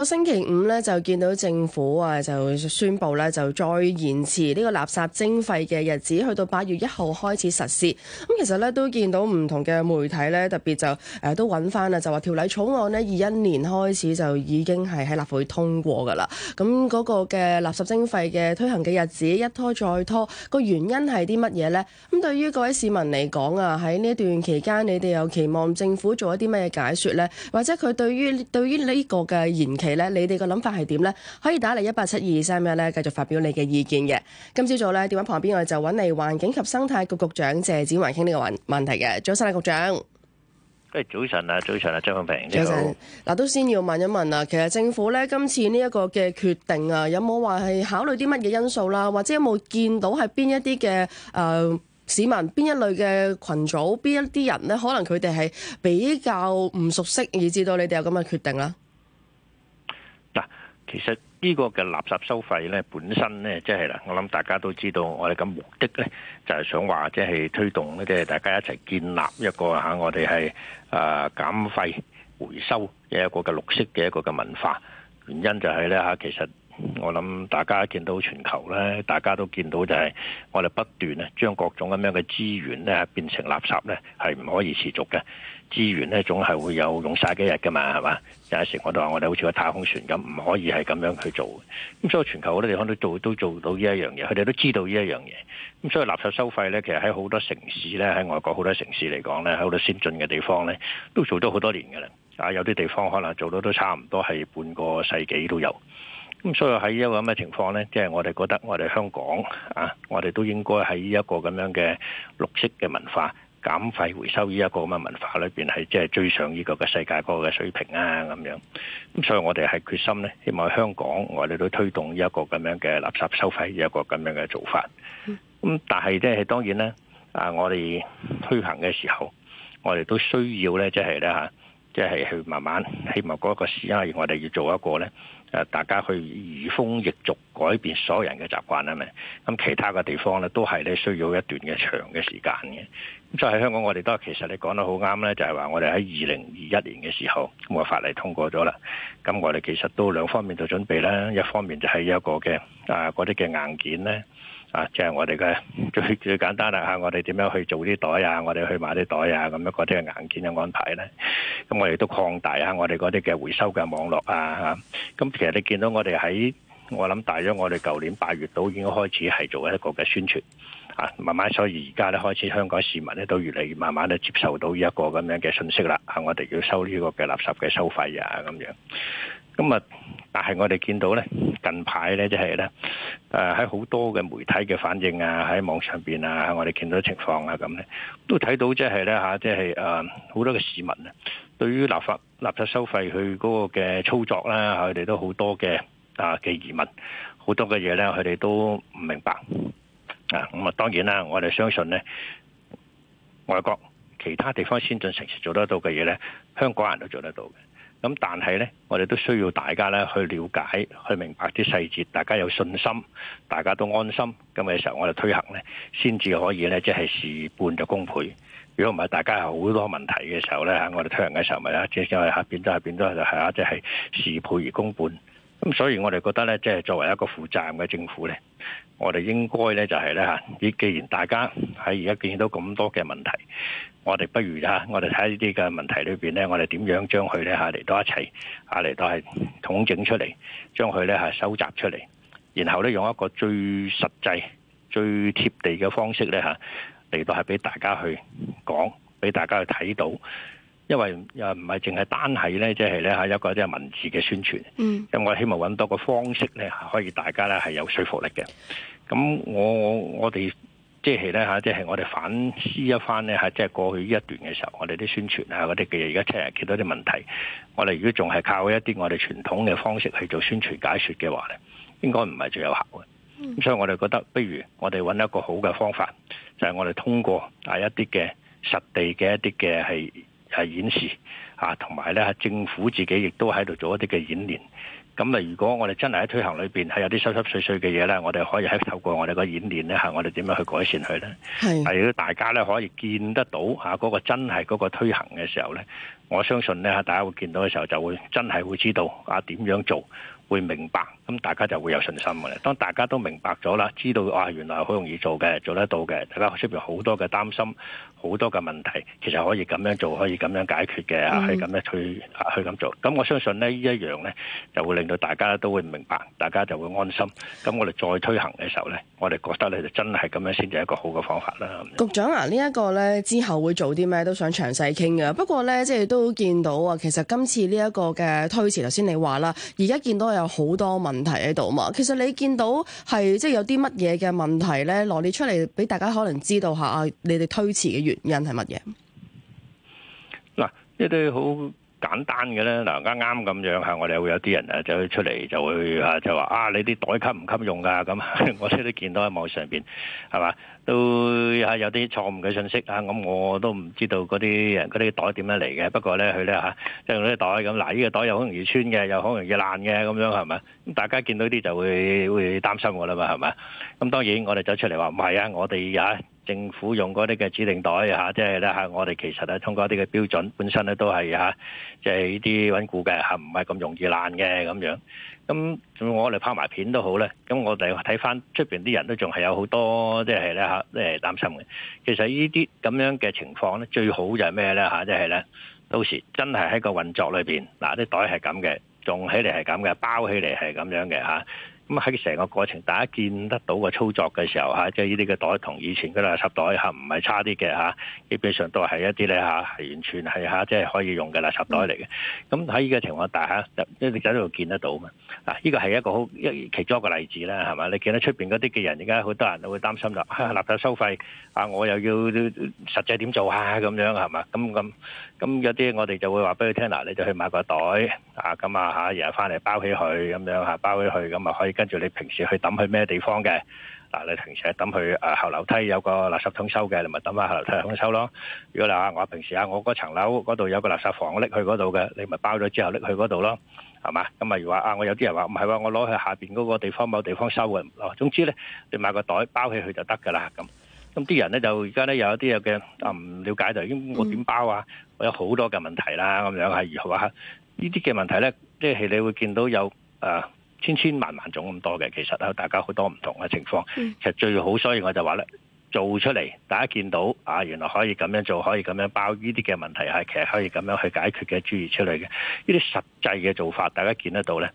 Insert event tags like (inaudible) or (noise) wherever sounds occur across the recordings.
個星期五咧就見到政府啊就宣布咧、啊、就再延遲呢個垃圾徵費嘅日子，去到八月一號開始實施。咁、嗯、其實咧都見到唔同嘅媒體咧，特別就誒都揾翻喇，就話條例草案呢，二一年開始就已經係喺立法會通過㗎喇。咁、嗯、嗰、那個嘅垃圾徵費嘅推行嘅日子一拖再拖，個原因係啲乜嘢呢？咁、嗯、對於各位市民嚟講啊，喺呢一段期間，你哋有期望政府做一啲乜嘢解說呢？或者佢對於對於呢個嘅延期？你哋個諗法係點呢？可以打嚟一八七二三一咧，繼續發表你嘅意見嘅。今朝早咧，電話旁邊我哋就揾嚟環境及生態局局長謝展寰傾呢個問問題嘅。早生態、啊、局長，誒，早晨啊，早晨啊，張文平，早晨。嗱、啊，都先要問一問啊，其實政府咧今次呢一個嘅決定啊，有冇話係考慮啲乜嘢因素啦？或者有冇見到係邊一啲嘅誒市民，邊一類嘅群組，邊一啲人呢？可能佢哋係比較唔熟悉，以至到你哋有咁嘅決定啦？其實呢個嘅垃圾收費呢，本身呢，即係啦，我諗大家都知道，我哋嘅目的呢，就係、係、想話即係推動即係大家一齊建立一個嚇、啊、我哋係啊減費回收嘅一個嘅綠色嘅一個嘅文化。原因就係、係、呢，嚇、啊，其實。我諗大家見到全球咧，大家都見到就係我哋不斷咧將各種咁樣嘅資源咧變成垃圾咧，係唔可以持續嘅資源咧，總係會有用晒幾日噶嘛，係嘛？有陣時我都話我哋好似個太空船咁，唔可以係咁樣去做。咁所以全球好多地方都做都做到呢一樣嘢，佢哋都知道呢一樣嘢。咁所以垃圾收費咧，其實喺好多城市咧，喺外國好多城市嚟講咧，喺好多先進嘅地方咧，都做咗好多年噶啦。啊，有啲地方可能做到都差唔多係半個世紀都有。咁所以喺呢一個咁嘅情況咧，即係我哋覺得我哋香港啊，我哋都應該喺呢一個咁樣嘅綠色嘅文化減廢回收呢一個咁嘅文化裏邊，係即係追上呢個嘅世界嗰個嘅水平啊咁樣。咁所以我哋係決心咧，希望香港我哋都推動呢一個咁樣嘅垃圾收費，呢一個咁樣嘅做法。咁但係即係當然咧，啊我哋推行嘅時候，我哋都需要咧，即係咧嚇即係去慢慢，希望嗰一個時，因為我哋要做一個咧，誒，大家去移風易俗改變所有人嘅習慣啦，咪咁其他嘅地方咧，都係你需要一段嘅長嘅時間嘅。咁所以喺香港我，我哋都其實你講得好啱咧，就係、是、話我哋喺二零二一年嘅時候，咁、那個法例通過咗啦。咁我哋其實都兩方面做準備啦，一方面就係一個嘅，啊，嗰啲嘅硬件咧。啊，即係我哋嘅最最簡單啦嚇，我哋點樣去做啲袋啊？我哋去買啲袋啊，咁樣嗰啲嘅硬件嘅安排咧。咁我哋都擴大下我哋嗰啲嘅回收嘅網絡啊。咁其實你見到我哋喺我諗大約我哋舊年八月到已經開始係做一個嘅宣傳啊。慢慢所以而家咧開始香港市民咧都越嚟越慢慢咧接受到呢一個咁樣嘅信息啦。啊，我哋要收呢個嘅垃圾嘅收費啊咁樣。咁啊，但係我哋見到咧。近排咧，即係咧，誒喺好多嘅媒體嘅反應啊，喺網上邊啊，我哋見到情況啊咁咧，都睇到即係咧嚇，即係誒好多嘅市民啊，對於立法垃圾收費佢嗰個嘅操作啦，佢哋都好多嘅啊嘅疑問，好多嘅嘢咧，佢哋都唔明白啊。咁啊，當然啦，我哋相信咧，外國其他地方先進城市做得到嘅嘢咧，香港人都做得到嘅。咁但係咧，我哋都需要大家咧去了解、去明白啲細節，大家有信心，大家都安心，咁嘅時候我哋推行咧，先至可以咧，即係事半就功倍。如果唔係，大家好多問題嘅時候咧，吓我哋推行嘅時候咪啊，即係變咗係變咗就係啊，即係事倍而功半。咁、嗯、所以我哋覺得咧，即係作為一個負責任嘅政府咧，我哋應該咧就係咧吓，你既然大家喺而家見到咁多嘅問題。我哋不如嚇，我哋睇呢啲嘅問題裏邊咧，我哋點樣將佢咧嚇嚟到一齊，啊嚟到係統整出嚟，將佢咧嚇收集出嚟，然後咧用一個最實際、最貼地嘅方式咧嚇嚟到係俾大家去講，俾大家去睇到。因為又唔係淨係單係咧，即係咧嚇一個即係文字嘅宣傳。嗯，因為我希望揾多個方式咧，可以大家咧係有說服力嘅。咁我我哋。即係咧嚇，即係我哋反思一番咧，係即係過去呢一段嘅時候，我哋啲宣傳啊，嗰啲嘅而家出現幾多啲問題，我哋如果仲係靠一啲我哋傳統嘅方式去做宣傳解説嘅話咧，應該唔係最有效嘅。咁、嗯、所以我哋覺得，不如我哋揾一個好嘅方法，就係、是、我哋通過係一啲嘅實地嘅一啲嘅係係演示啊，同埋咧政府自己亦都喺度做一啲嘅演練。咁啊！如果我哋真係喺推行裏邊係有啲濕濕碎碎嘅嘢咧，我哋可以喺透過我哋個演練咧，嚇我哋點樣去改善佢咧？係，如果大家咧可以見得到嚇嗰個真係嗰個推行嘅時候咧，我相信咧嚇大家會見到嘅時候就會真係會知道啊點樣做。會明白，咁大家就會有信心嘅。當大家都明白咗啦，知道啊，原來好容易做嘅，做得到嘅，大家出邊好多嘅擔心，好多嘅問題，其實可以咁樣做，可以咁樣解決嘅，啊，去咁樣去去咁做。咁、嗯、我相信呢呢一樣呢，就會令到大家都會明白，大家就會安心。咁我哋再推行嘅時候呢，我哋覺得呢就真係咁樣先至係一個好嘅方法啦。局長啊，呢、這、一個呢之後會做啲咩都想詳細傾嘅。不過呢，即、就、係、是、都見到啊，其實今次呢一個嘅推遲，頭先你話啦，而家見到有有好多問題喺度嘛？其實你見到係即係有啲乜嘢嘅問題咧，羅列出嚟俾大家可能知道下，你哋推遲嘅原因係乜嘢？嗱，一對好。簡單嘅咧，嗱啱啱咁樣嚇，我哋會有啲人啊走出嚟就會嚇就話啊，你啲袋襟唔襟用噶咁，我哋都見到喺網上邊，係嘛都嚇有啲錯誤嘅信息啊，咁我都唔知道嗰啲人嗰啲袋點樣嚟嘅，不過咧佢咧嚇即係用呢個袋咁嗱，呢個袋又好容易穿嘅，又好容易爛嘅，咁樣係咪？咁大家見到啲就會會擔心我啦嘛，係咪？咁當然我哋走出嚟話唔係啊，我哋啊～政府用嗰啲嘅指定袋啊，即係咧嚇，我哋其實咧通過一啲嘅標準，本身咧都係嚇，即係呢啲穩固嘅嚇，唔係咁容易爛嘅咁樣。咁我哋拍埋片都好咧。咁我哋睇翻出邊啲人都仲係有好多，即係咧嚇，即係擔心嘅。其實呢啲咁樣嘅情況咧，最好就係咩咧嚇，即係咧，到時真係喺個運作裏邊，嗱啲袋係咁嘅，用起嚟係咁嘅，包起嚟係咁樣嘅嚇。咁喺成個過程，大家見得到個操作嘅時候嚇、啊，即係呢啲嘅袋同以前嘅垃圾袋嚇唔係差啲嘅嚇，基本上都係一啲咧嚇，係、啊、完全係嚇、啊，即係可以用嘅垃圾袋嚟嘅。咁喺呢個情況，大家一直喺度見得到嘛？嗱、啊，依、這個係一個一其中一個例子啦，係嘛？你見到出邊嗰啲嘅人，而家好多人都會擔心啦、啊，垃圾收費啊，我又要實際點做下咁、啊、樣係嘛？咁咁。咁有啲我哋就會話俾佢聽，嗱，你就去買個袋，啊，咁啊嚇，然後翻嚟包起佢咁樣嚇，包起佢，咁啊可以跟住你平時去抌去咩地方嘅，嗱，你平時去啊抌去誒後樓梯有個垃圾桶收嘅，你咪抌喺後樓梯垃圾桶收咯。如果嗱，我平時啊，我嗰層樓嗰度有個垃圾房，拎去嗰度嘅，你咪包咗之後拎去嗰度咯，係嘛？咁例如話啊，我有啲人話唔係喎，我攞去下邊嗰個地方某地方收嘅，哦，總之咧，你買個袋包起佢就得㗎啦咁。咁啲人咧就而家咧有一啲有嘅啊唔了解就已經我點包啊？我有好多嘅問題啦，咁樣係如何啊？呢啲嘅問題呢，即係你會見到有誒千千萬萬種咁多嘅，其實大家好多唔同嘅情況。其實最好，所以我就話呢做出嚟大家見到啊，原來可以咁樣做，可以咁樣包呢啲嘅問題係其實可以咁樣去解決嘅，注意出嚟嘅呢啲實際嘅做法，大家見得到呢。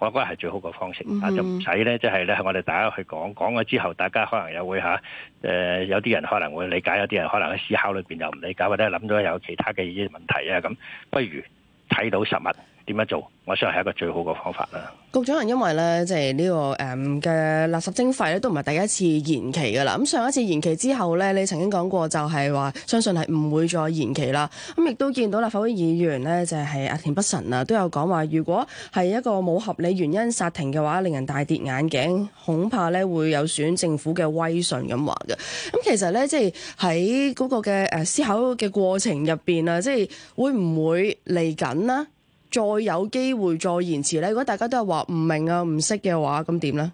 我覺得係最好嘅方式，就唔使咧，即係咧，我哋大家去講講咗之後，大家可能又會嚇，誒有啲人可能會理解，有啲人可能喺思考裏邊又唔理解，或者諗到有其他嘅問題啊，咁不如睇到實物。點樣做？我相信係一個最好嘅方法啦。局長，因為咧，即係呢個誒嘅、嗯、垃圾徵費咧，都唔係第一次延期嘅啦。咁上一次延期之後咧，你曾經講過就係話，相信係唔會再延期啦。咁、嗯、亦都見到立法會議員咧，就係、是、阿、啊、田北辰啊，都有講話，如果係一個冇合理原因殺停嘅話，令人大跌眼鏡，恐怕咧會有損政府嘅威信咁話嘅。咁、嗯、其實咧，即係喺嗰個嘅誒思考嘅過程入邊啊，即、就、係、是、會唔會嚟緊呢？再有機會再延遲咧？如果大家都係話唔明啊、唔識嘅話，咁點呢？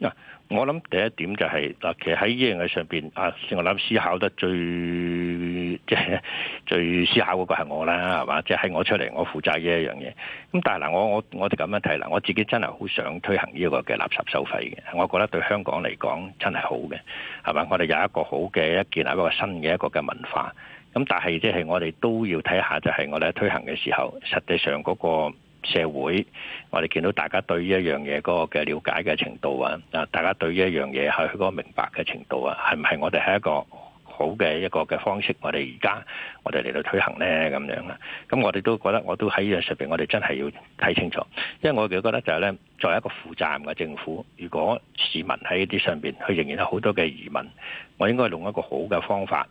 嗱，我諗第一點就係、是、嗱，其實喺呢樣嘢上邊，啊，我諗思考得最即係、就是、最思考嗰個係我啦，係嘛？即係喺我出嚟，我負責呢一樣嘢。咁但係嗱，我我我哋咁樣睇啦，我自己真係好想推行呢個嘅垃圾收費嘅，我覺得對香港嚟講真係好嘅，係嘛？我哋有一個好嘅一建立一個新嘅一個嘅文化。咁但係即係我哋都要睇下，就係我哋喺推行嘅時候，實際上嗰個社會，我哋見到大家對依一樣嘢嗰個嘅了解嘅程度啊，啊，大家對依一樣嘢喺佢嗰個明白嘅程度啊，係唔係我哋係一個好嘅一個嘅方式？我哋而家我哋嚟到推行呢，咁樣啊，咁我哋都覺得，我都喺呢樣上邊，我哋真係要睇清楚，因為我哋覺得就係呢，作為一個負責任嘅政府，如果市民喺呢啲上邊，佢仍然有好多嘅疑問，我應該用一個好嘅方法。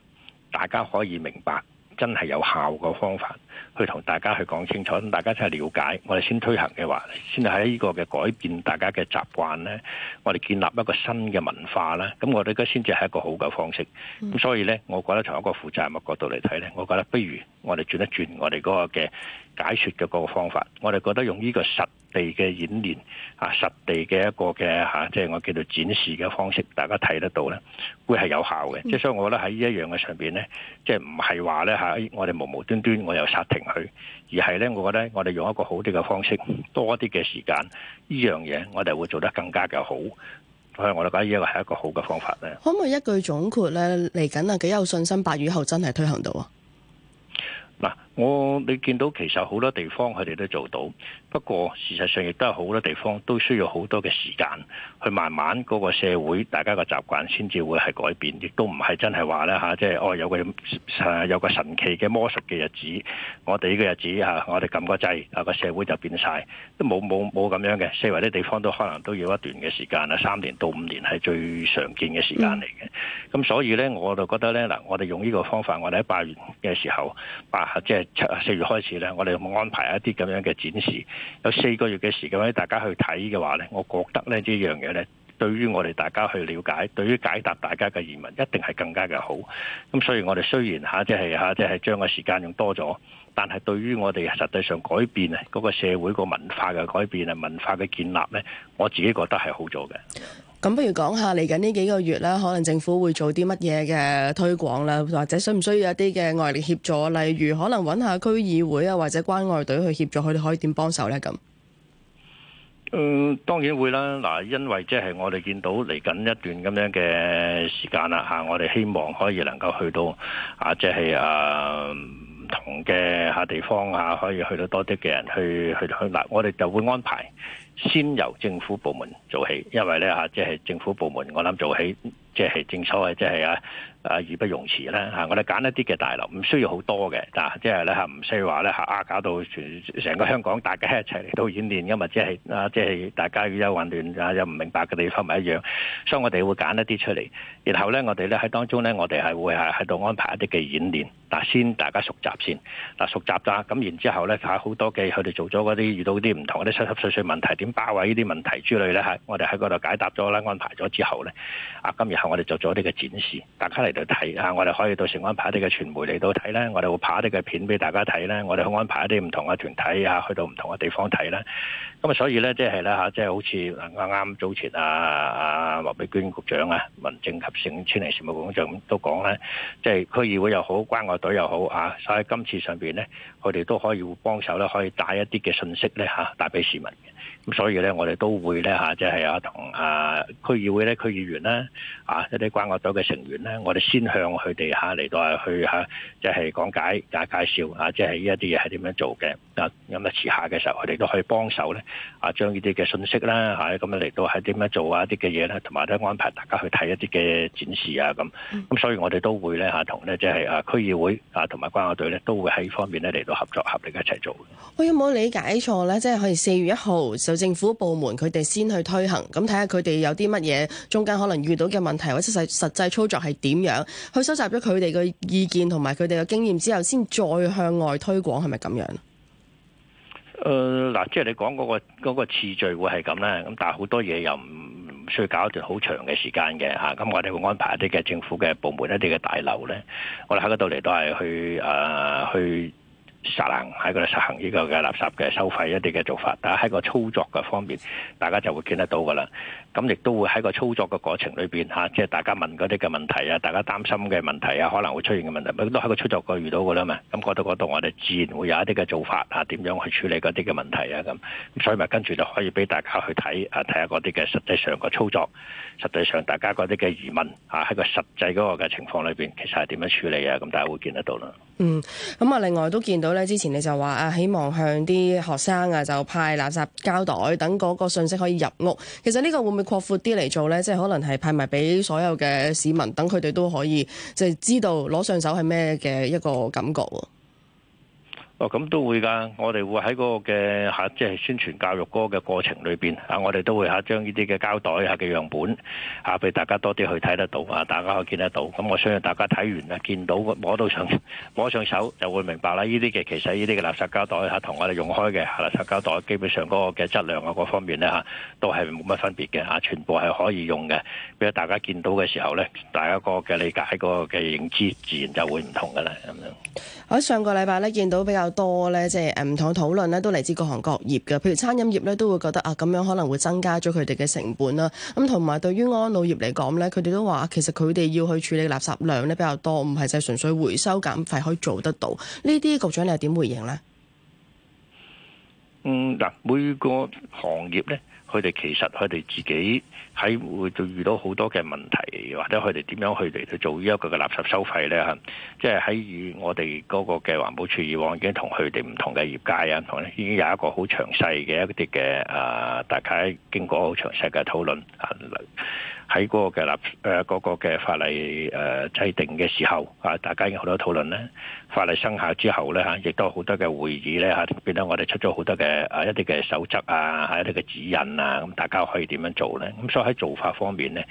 大家可以明白，真係有效嘅方法。去同大家去講清楚，大家真係了解，我哋先推行嘅話，先係喺呢個嘅改變大家嘅習慣咧。我哋建立一個新嘅文化啦，咁我哋而家先至係一個好嘅方式。咁所以咧，我覺得從一個負責任嘅角度嚟睇咧，我覺得不如我哋轉一轉我哋嗰個嘅解説嘅嗰個方法。我哋覺得用呢個實地嘅演練啊，實地嘅一個嘅嚇，即係我叫做展示嘅方式，大家睇得到咧，會係有效嘅。即係所以我覺得喺呢一樣嘅上邊咧，即係唔係話咧嚇，我哋無無端端我又實。停去，而係咧，我覺得我哋用一個好啲嘅方式，多啲嘅時間，呢樣嘢我哋會做得更加嘅好，所以我哋覺得呢個係一個好嘅方法咧。可唔可以一句總括咧？嚟緊啊，幾有信心八月後真係推行到啊？嗱。我你見到其實好多地方佢哋都做到，不過事實上亦都有好多地方都需要好多嘅時間去慢慢嗰個社會大家嘅習慣先至會係改變，亦都唔係真係話咧嚇，即係哦有個、啊、有個神奇嘅魔術嘅日子，我哋呢個日子嚇、啊、我哋撳個掣，個、啊、社會就變晒，都冇冇冇咁樣嘅，四圍啲地方都可能都要一段嘅時間啦，三年到五年係最常見嘅時間嚟嘅。咁所以咧我就覺得咧嗱、啊，我哋用呢個方法，我哋喺八月嘅時候八即係。啊四月開始咧，我哋有冇安排一啲咁樣嘅展示，有四個月嘅時間咧，大家去睇嘅話咧，我覺得咧呢樣嘢咧，對於我哋大家去了解，對於解答大家嘅疑問，一定係更加嘅好。咁所以，我哋雖然吓即係吓即係將個時間用多咗，但係對於我哋實際上改變啊，嗰個社會個文化嘅改變啊，文化嘅建立咧，我自己覺得係好咗嘅。咁不如講下嚟緊呢幾個月啦，可能政府會做啲乜嘢嘅推廣啦，或者需唔需要一啲嘅外力協助？例如可能揾下區議會啊，或者關愛隊去協助佢哋，可以點幫手呢？咁，誒當然會啦！嗱，因為即係我哋見到嚟緊一段咁樣嘅時間啦嚇，我哋希望可以能夠去到啊，即係誒。同嘅下地方啊，可以去到多啲嘅人去去去，嗱，我哋就會安排先由政府部門做起，因為咧嚇，即係政府部門，我諗做起。即係 mile 正所謂，即係啊啊義不容辭啦嚇！我哋揀一啲嘅大樓，唔需要好多嘅嗱，即係咧嚇，唔需要話咧嚇啊搞到全成個香港大家一齊嚟到演練，咁或者係啊即係大家如果有混亂啊有唔明白嘅地方咪一樣，所以我哋會揀一啲出嚟，然後咧我哋咧喺當中咧我哋係會係喺度安排一啲嘅演練嗱，先大家熟習先嗱熟習咋。咁然之後咧嚇好多嘅佢哋做咗嗰啲遇到啲唔同啲濕濕碎碎問題，點包圍呢啲問題之類咧嚇，我哋喺嗰度解答咗啦，安排咗之後咧啊今日。我哋做咗啲嘅展示，大家嚟到睇啊！我哋可以到時安排一啲嘅傳媒嚟到睇咧，我哋會拍一啲嘅片俾大家睇咧，我哋去安排一啲唔同嘅團體啊，去到唔同嘅地方睇啦。咁啊，所以咧，即係咧吓，即係好似啱啱早前啊啊，麥美娟局長啊，民政及青年事務局局長都講咧，即係區議會又好，關愛隊又好，所以今次上邊咧，佢哋都可以會幫手咧，可以帶一啲嘅信息咧吓、啊，帶俾市民。咁所以咧，我哋都會咧嚇，即係啊，同啊區議會咧、區議員咧啊一啲關愛隊嘅成員咧，我哋先向佢哋嚇嚟到去嚇，即係講解、介介紹啊，即係呢一啲嘢係點樣做嘅啊。咁啊，遲下嘅時候，佢哋都可以幫手咧啊，將呢啲嘅信息啦嚇，咁樣嚟到係點樣做啊一啲嘅嘢咧，同埋咧安排大家去睇一啲嘅展示啊咁。咁所以，我哋都會咧嚇同咧即係啊區議會啊同埋關愛隊咧，都會喺呢方面咧嚟到合作合力一齊做。我有冇理解錯咧？即係可以四月一號政府部門佢哋先去推行，咁睇下佢哋有啲乜嘢中間可能遇到嘅問題或者實實際操作係點樣？去收集咗佢哋嘅意見同埋佢哋嘅經驗之後，先再向外推廣係咪咁樣？誒嗱、呃，即係你講嗰個嗰個次序會係咁咧。咁但係好多嘢又唔需要搞一段好長嘅時間嘅嚇。咁、啊、我哋會安排一啲嘅政府嘅部門一啲嘅大樓咧，我哋喺嗰度嚟都係去誒去。啊去實行喺度實行呢個嘅垃圾嘅收費一啲嘅做法，大家喺個操作嘅方面，大家就會見得到噶啦。咁亦都會喺個操作嘅過程裏邊嚇，即係大家問嗰啲嘅問題啊，大家擔心嘅問題啊，可能會出現嘅問題，都喺個操作過遇到嘅啦嘛。咁過到嗰度，那個、都個都我哋自然會有一啲嘅做法嚇，點、啊、樣去處理嗰啲嘅問題啊咁。咁所以咪跟住就可以俾大家去睇啊，睇下嗰啲嘅實際上個操作，實際上大家嗰啲嘅疑問嚇喺、啊、個實際嗰個嘅情況裏邊，其實係點樣處理啊？咁大家會見得到啦。嗯，咁啊，另外都見到呢，之前你就話啊，希望向啲學生啊，就派垃圾膠袋等嗰個信息可以入屋。其實呢個會唔會？擴闊啲嚟做咧，即係可能係派埋俾所有嘅市民等佢哋都可以即係知道攞上手係咩嘅一個感覺。哦，咁都會噶，我哋會喺嗰個嘅嚇，即係宣傳教育嗰個過程裏邊嚇，我哋都會嚇將呢啲嘅膠袋嚇嘅樣本嚇俾、啊、大家多啲去睇得到啊，大家可以見得到。咁、嗯、我相信大家睇完啊，見到摸到上摸到上手就會明白啦。呢啲嘅其實呢啲嘅垃圾膠袋嚇同、啊、我哋用開嘅垃圾膠袋，基本上嗰個嘅質量啊各方面咧嚇、啊，都係冇乜分別嘅嚇、啊，全部係可以用嘅。俾大家見到嘅時候咧，大家個嘅理解、個嘅認知自然就會唔同噶啦。咁樣，我上個禮拜咧見到比較。多咧，即係誒唔同嘅討論咧，都嚟自各行各業嘅。譬如餐飲業咧，都會覺得啊，咁樣可能會增加咗佢哋嘅成本啦。咁同埋對於安老業嚟講咧，佢哋都話其實佢哋要去處理垃圾量咧比較多，唔係就純粹回收減費可以做得到。呢啲局長你又點回應呢？嗯，嗱，每個行業咧，佢哋其實佢哋自己。喺會遇到好多嘅問題，或者佢哋點樣去嚟去做呢一個嘅垃圾收費呢？即係喺我哋嗰個嘅環保署以往已經同佢哋唔同嘅業界啊，同已經有一個好詳細嘅一啲嘅啊，大家經過好詳細嘅討論。喺嗰個嘅立誒，嗰、那、嘅、個、法例誒制定嘅時候，嚇大家已經有好多討論咧。法例生效之後咧，嚇亦都有好多嘅會議咧，嚇變咗我哋出咗好多嘅誒一啲嘅守則啊，嚇一啲嘅指引啊，咁大家可以點樣做咧？咁所以喺做法方面咧。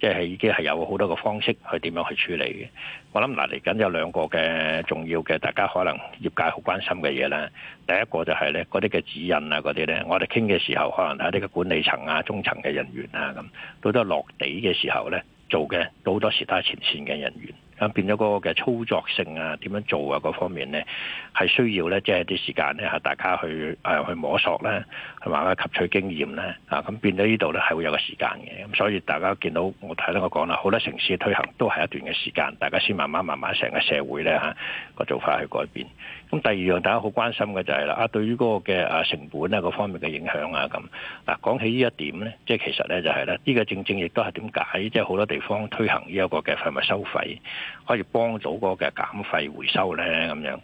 即係已經係有好多個方式去點樣去處理嘅。我諗嗱，嚟緊有兩個嘅重要嘅，大家可能業界好關心嘅嘢啦。第一個就係咧，嗰啲嘅指引啊，嗰啲咧，我哋傾嘅時候，可能係啲嘅管理層啊、中層嘅人員啊咁，到咗落地嘅時候咧，做嘅都好多時都係前線嘅人員。咁變咗嗰個嘅操作性啊，點樣做啊各方面咧，係需要咧，即係啲時間咧嚇，大家去誒去摸索咧、啊，去慢慢吸取經驗咧、啊，啊咁變咗呢度咧，係會有個時間嘅，咁所以大家見到我睇到我講啦，好多城市嘅推行都係一段嘅時間，大家先慢慢慢慢成個社會咧嚇個做法去改變。咁第二樣大家好關心嘅就係啦，啊對於嗰個嘅啊成本啊各方面嘅影響啊咁嗱，講起呢一點咧，即係其實咧就係咧，呢個正正亦都係點解即係好多地方推行呢一個嘅廢物收費，可以幫到嗰個嘅減廢回收咧咁樣，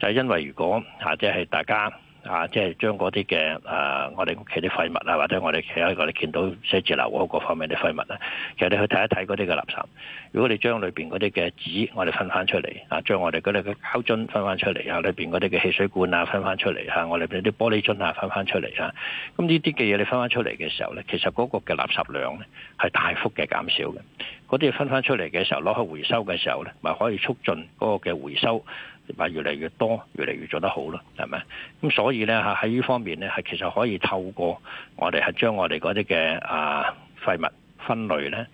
就係、是、因為如果啊即係大家。啊，即係將嗰啲嘅誒，我哋屋企啲廢物啊，或者我哋企喺我哋見到寫字樓嗰個方面啲廢物咧，其實你去睇一睇嗰啲嘅垃圾。如果你將裏邊嗰啲嘅紙我，我哋分翻出嚟啊，將我哋嗰啲嘅膠樽分翻出嚟啊，裏邊嗰啲嘅汽水罐啊分翻出嚟嚇，我哋啲玻璃樽啊分翻出嚟啦。咁呢啲嘅嘢你分翻出嚟嘅時候咧，其實嗰個嘅垃圾量咧係大幅嘅減少嘅。嗰啲分翻出嚟嘅時候攞去回收嘅時候咧，咪可以促進嗰個嘅回收。越嚟越多，越嚟越做得好咯，係咪？咁所以呢，嚇喺呢方面呢，係其實可以透過我哋係將我哋嗰啲嘅啊廢物分類呢，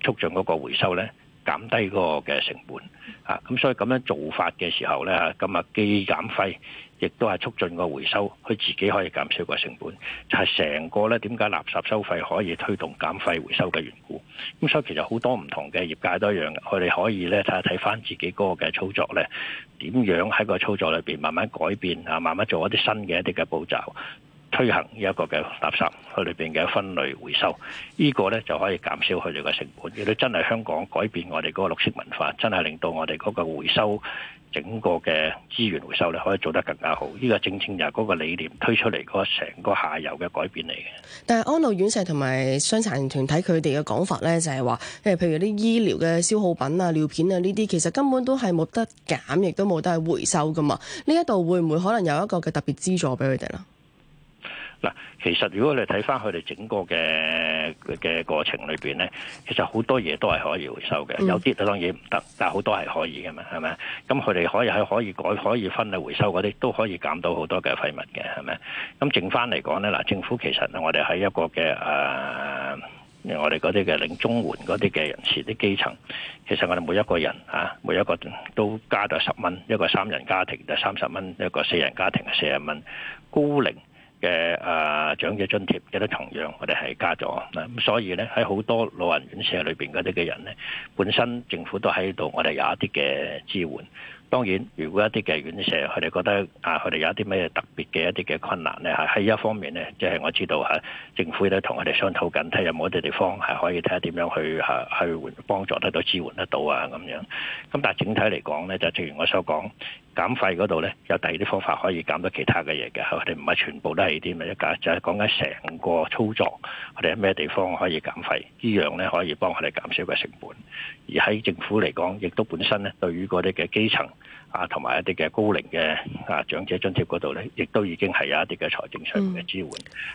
促進嗰個回收呢，減低嗰個嘅成本啊，咁所以咁樣做法嘅時候呢，咁啊既減廢，亦都係促進個回收，佢自己可以減少個成本，就係、是、成個呢點解垃圾收費可以推動減廢回收嘅緣故。咁、啊、所以其實好多唔同嘅業界都一樣，佢哋可以呢睇下，睇翻自己嗰個嘅操作呢，點樣喺個操作裏邊慢慢改變啊，慢慢做一啲新嘅一啲嘅步驟。推行一個嘅垃圾佢裏邊嘅分類回收，呢個呢，就可以減少佢哋嘅成本。亦都真係香港改變我哋嗰個綠色文化，真係令到我哋嗰個回收整個嘅資源回收呢，可以做得更加好。呢個正正就係嗰個理念推出嚟，嗰成個下游嘅改變嚟嘅。但係安老院舍同埋傷殘團體佢哋嘅講法呢，就係話，譬如啲醫療嘅消耗品啊、尿片啊呢啲，其實根本都係冇得減，亦都冇得回收噶嘛。呢一度會唔會可能有一個嘅特別資助俾佢哋啦？嗱，其實如果你睇翻佢哋整個嘅嘅過程裏邊咧，其實好多嘢都係可以回收嘅，有啲當然唔得，但係好多係可以嘅嘛，係咪？咁佢哋可以喺可以改可以分嚟回收嗰啲，都可以減到好多嘅廢物嘅，係咪？咁剩翻嚟講咧，嗱，政府其實我哋喺一個嘅誒、啊，我哋嗰啲嘅領綜援嗰啲嘅人士、啲基層，其實我哋每一個人啊，每一個都加咗十蚊，一個三人家庭就三十蚊，一個四人家庭係四十蚊，高齡、孤嘅誒長者津貼，亦都同樣我，我哋係加咗嗱，咁所以咧喺好多老人院舍裏邊嗰啲嘅人咧，本身政府都喺度，我哋有一啲嘅支援。當然，如果一啲嘅院舍，佢哋覺得啊，佢哋有一啲咩特別嘅一啲嘅困難咧，喺、啊、一方面咧，即、就、係、是、我知道嚇、啊、政府都同我哋商討緊，睇有冇一啲地方係可以睇下點樣去嚇、啊、去幫助得到支援得到啊咁樣。咁、啊、但係整體嚟講咧，就正如我所講。減費嗰度咧，有第二啲方法可以減到其他嘅嘢嘅，我哋唔係全部都係啲咪一格，就係講緊成個操作，我哋喺咩地方可以減費，呢樣咧可以幫佢哋減少個成本。而喺政府嚟講，亦都本身咧對於嗰啲嘅基層啊，同埋一啲嘅高齡嘅啊長者津貼嗰度咧，亦都已經係有一啲嘅財政上面嘅支援。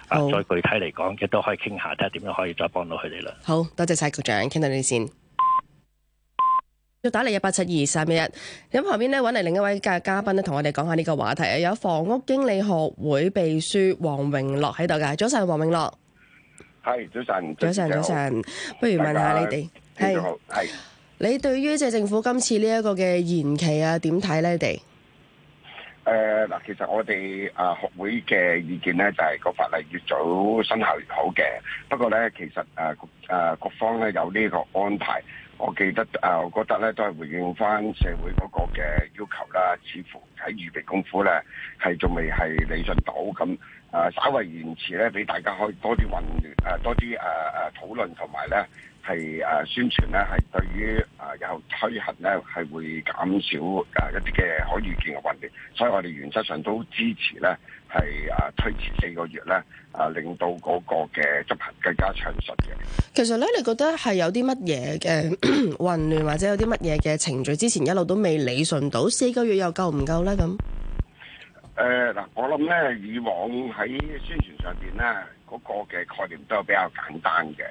啊、嗯，再具體嚟講亦都可以傾下，睇下點樣可以再幫到佢哋啦。好多謝晒，局長，傾到呢先。要打嚟一八七二三一一，咁旁邊呢，揾嚟另一位嘅嘉賓咧，同我哋講下呢個話題啊，有房屋經理學會秘書王榮樂喺度噶。早晨，王榮樂，係早晨，早晨，早晨上，早上不如問下你哋，係係家，hey, 好你對於即政府今次呢一個嘅延期啊，點睇呢？你哋誒嗱，其實我哋啊學會嘅意見呢，就係個法例越早生效越好嘅。不過咧，其實誒誒各方咧有呢個安排。我記得啊、呃，我覺得咧都係回應翻社會嗰個嘅要求啦。似乎喺預備功夫咧，係仲未係理順到咁啊、呃，稍為延遲咧，俾大家可以多啲混誒多啲誒誒討論同埋咧。呃係誒宣傳咧，係對於誒有推行咧，係會減少誒一啲嘅可預見嘅混亂，所以我哋原則上都支持咧，係誒推遲四個月咧，誒令到嗰個嘅執行更加暢順嘅。其實咧，你覺得係有啲乜嘢嘅混亂，或者有啲乜嘢嘅程序之前一路都未理順到，四個月又夠唔夠咧？咁誒嗱，我諗咧，以往喺宣傳上面咧，嗰個嘅概念都係比較簡單嘅。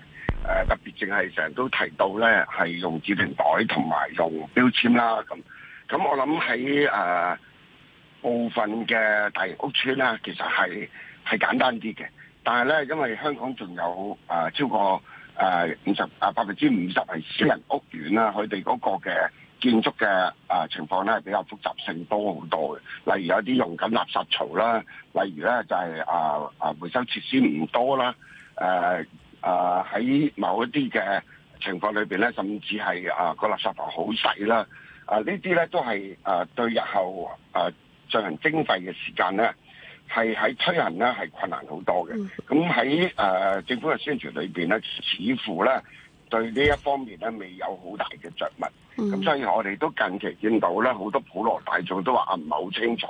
誒特別，淨係成日都提到咧，係用指定袋同埋用標籤啦。咁咁，我諗喺誒部分嘅大型屋邨咧，其實係係簡單啲嘅。但係咧，因為香港仲有誒、呃、超過誒五十啊百分之五十係私人屋苑啦，佢哋嗰個嘅建築嘅啊、呃、情況咧係比較複雜性多好多嘅。例如有啲用緊垃圾槽啦，例如咧就係啊啊回收設施唔多啦，誒、呃。啊！喺、呃、某一啲嘅情況裏邊咧，甚至係啊個垃圾房好細啦，啊、呃、呢啲咧都係啊對日後啊、呃、進行徵費嘅時間咧，係喺推行咧係困難好多嘅。咁喺誒政府嘅宣傳裏邊咧，似乎咧。對呢一方面咧，未有好大嘅着物，咁所以我哋都近期見到咧，好多普羅大眾都話唔係好清楚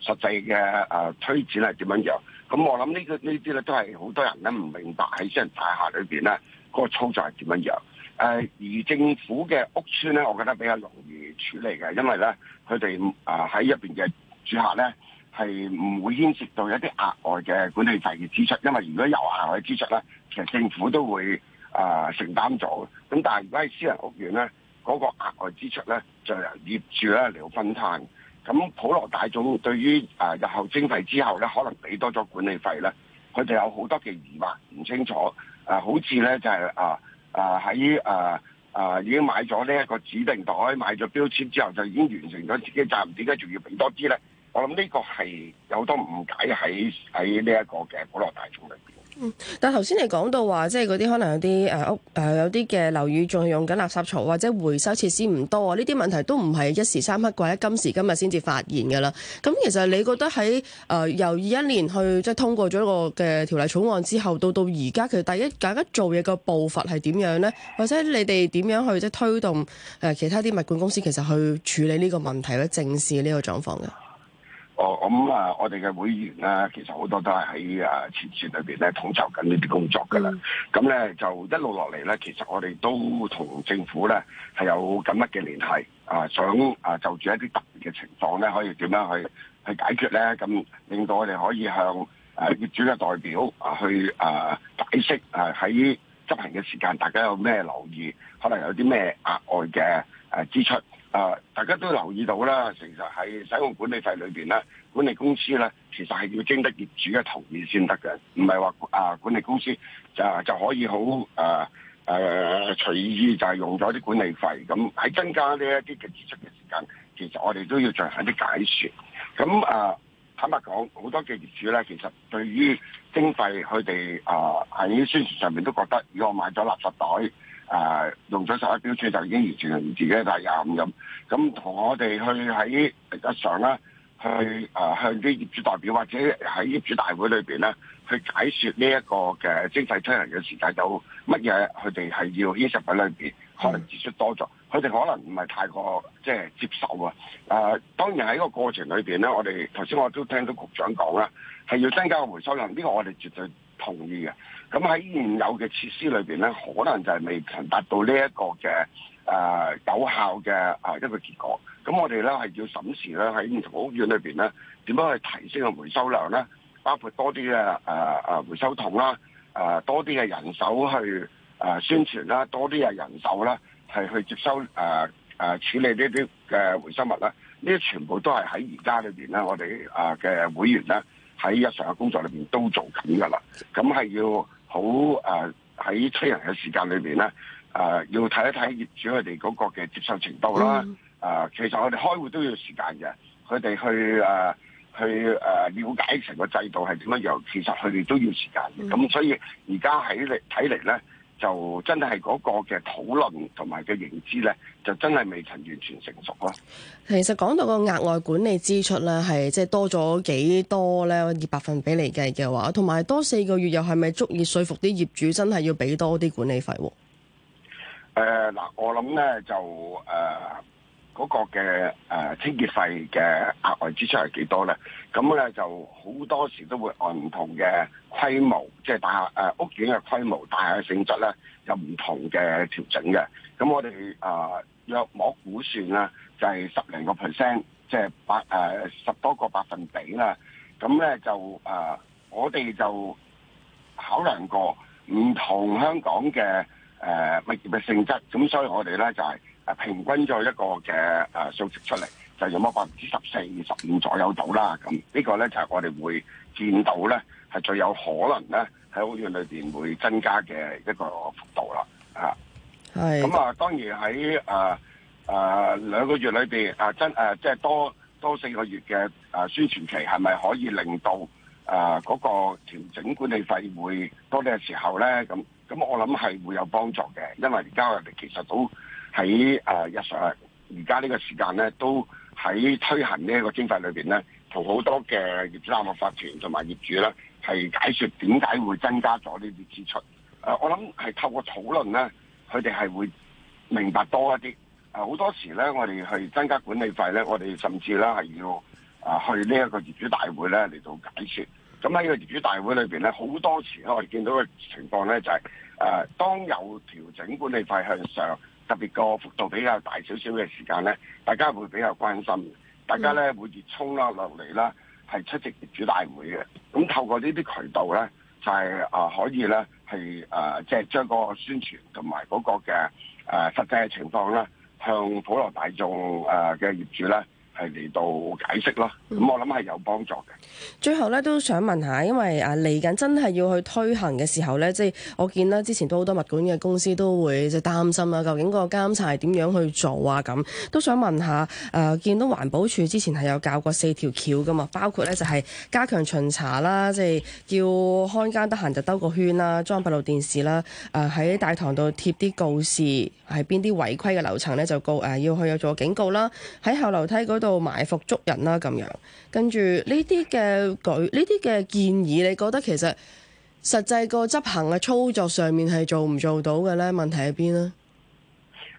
實際嘅誒推展係點樣樣。咁我諗呢個呢啲咧都係好多人咧唔明白喺私人大廈裏邊咧嗰個操作係點樣樣。誒、呃、而政府嘅屋邨咧，我覺得比較容易處理嘅，因為咧佢哋啊喺入邊嘅住客咧係唔會牽涉到一啲額外嘅管理費嘅支出，因為如果有額外支出咧，其實政府都會。啊、呃，承擔咗，咁但係如果係私人屋苑咧，嗰、那個額外支出咧就由業主咧嚟到分攤。咁、嗯、普羅大眾對於啊日後徵費之後咧，可能俾多咗管理費咧，佢哋有好多嘅疑惑，唔清楚。啊、呃，好似咧就係啊啊喺啊啊已經買咗呢一個指定袋，買咗標籤之後就已經完成咗自己責任，點解仲要俾多啲咧？我諗呢個係有好多誤解喺喺呢一個嘅普羅大眾裏邊。嗯、但係頭先你講到話，即係嗰啲可能有啲誒屋誒有啲嘅樓宇仲用緊垃圾槽或者回收設施唔多啊，呢啲問題都唔係一時三刻，或者今時今日先至發現噶啦。咁、嗯、其實你覺得喺誒、呃、由二一年去即係通過咗個嘅條例草案之後，到到而家，其實第一大家做嘢個步伐係點樣呢？或者你哋點樣去即係推動誒其他啲物管公司其實去處理呢個問題咧，正視呢個狀況嘅？ (music) 哦，咁、嗯、啊，我哋嘅會員啊，其實好多都係喺啊前線裏邊咧統籌緊呢啲工作噶啦。咁咧就一路落嚟咧，其實我哋都同政府咧係有緊密嘅聯繫啊，想啊就住一啲特別嘅情況咧，可以點樣去去解決咧，咁令到我哋可以向誒、呃、業主嘅代表啊去誒、呃、解釋啊喺執行嘅時間，大家有咩留意，可能有啲咩額外嘅誒支出。啊！Uh, 大家都留意到啦，其實喺使用管理費裏邊咧，管理公司咧，其實係要徵得業主嘅同意先得嘅，唔係話啊管理公司就就可以好啊誒、啊、隨意就係用咗啲管理費咁喺增加呢一啲嘅支出嘅時間，其實我哋都要進行啲解説。咁啊坦白講，好多嘅業主咧，其實對於徵費，佢哋啊喺宣傳上面都覺得，如果買咗垃圾袋。誒、啊、用咗十一標準就已經完全自己嘅大鴨咁，咁同我哋去喺日常啦，去誒、啊、向啲業主代表或者喺業主大會裏邊咧，去解説呢一個嘅徵費推行嘅時間到乜嘢，佢哋係要呢十品裏邊可能支出多咗，佢哋可能唔係太過即係、就是、接受啊！誒，當然喺個過程裏邊咧，我哋頭先我都聽到局長講啦，係要增加個回收量，呢、這個我哋絕對同意嘅。咁喺現有嘅設施裏邊咧，可能就係未曾達到呢一個嘅啊、呃、有效嘅啊一個結果。咁我哋咧係要審視咧喺唔同屋苑裏邊咧，點樣去提升個回收量咧？包括多啲嘅啊啊回收桶啦，啊多啲嘅人手去啊宣傳啦，多啲嘅人手啦，係去接收啊啊、呃、處理呢啲嘅回收物啦。呢啲全部都係喺而家裏邊咧，我哋啊嘅會員咧喺日常嘅工作裏邊都做緊㗎啦。咁係要。好誒，喺催人嘅時間裏面咧，誒、呃、要睇一睇業主佢哋嗰個嘅接受程度啦。誒、呃、其實我哋開會都要時間嘅，佢哋去誒、呃、去誒了解成個制度係點樣樣，其實佢哋都要時間。咁、嗯、所以而家喺嚟睇嚟咧。就真係嗰個嘅討論同埋嘅認知呢，就真係未曾完全成熟咯。其實講到個額外管理支出呢，係即係多咗幾多呢？以百分比嚟計嘅話，同埋多四個月又係咪足以說服啲業主真係要俾多啲管理費？誒，嗱，我諗呢就誒嗰、呃那個嘅誒清潔費嘅額外支出係幾多呢？咁咧就好多時都會按唔同嘅規模，即係大廈誒屋苑嘅規模、大廈嘅性質咧，有唔同嘅調整嘅。咁我哋誒、呃、約莫估算咧，就係、是、十零個 percent，即係百誒、呃、十多個百分比啦。咁咧就誒、呃，我哋就考量過唔同香港嘅誒、呃、物業嘅性質，咁所以我哋咧就係、是、誒平均咗一個嘅誒、呃、數值出嚟。有乜百分之十四、二十五左右到啦，咁呢個咧就係我哋會見到咧，係最有可能咧喺好月裏邊會增加嘅一個幅度啦，啊的，係咁啊，當然喺誒誒兩個月裏邊啊，真誒、呃、即係多多四個月嘅誒宣傳期，係咪可以令到誒嗰、呃嗰個調整管理費會多啲嘅時候咧？咁咁我諗係會有幫助嘅，因為而家我哋其實都喺誒日常，而家呢個時間咧都。喺推行經裡呢一個徵費裏邊咧，同好多嘅業主立案法團同埋業主咧，係解説點解會增加咗呢啲支出。誒、呃，我諗係透過討論咧，佢哋係會明白多一啲。誒、呃，好多時咧，我哋去增加管理費咧，我哋甚至啦係要啊去呢一個業主大會咧嚟到解説。咁喺個業主大會裏邊咧，好多時我哋見到嘅情況咧就係、是、誒、呃，當有調整管理費向上。特別個幅度比較大少少嘅時間咧，大家會比較關心，大家咧會熱衷啦落嚟啦，係出席業主大會嘅。咁透過呢啲渠道咧，就係、是、啊可以咧係啊即係將個宣傳同埋嗰個嘅誒、呃、實際嘅情況咧，向普羅大眾誒嘅業主咧。係嚟到解釋咯，咁我諗係有幫助嘅。最後呢，都想問下，因為啊嚟緊真係要去推行嘅時候呢，即、就、係、是、我見啦，之前都好多物管嘅公司都會即係擔心啦、啊，究竟個監察係點樣去做啊？咁都想問下，誒、啊、見到環保署之前係有教過四條橋噶嘛，包括呢就係、是、加強巡查啦，即、啊、係叫看間看更得閒就兜個圈啦、啊，裝閉路電視啦，誒、啊、喺大堂度貼啲告示，係邊啲違規嘅樓層呢？就告誒、啊、要去有做警告啦，喺後樓梯嗰，到埋伏捉人啦咁樣，跟住呢啲嘅舉，呢啲嘅建議，你覺得其實實際個執行嘅操作上面係做唔做到嘅咧？問題喺邊呢？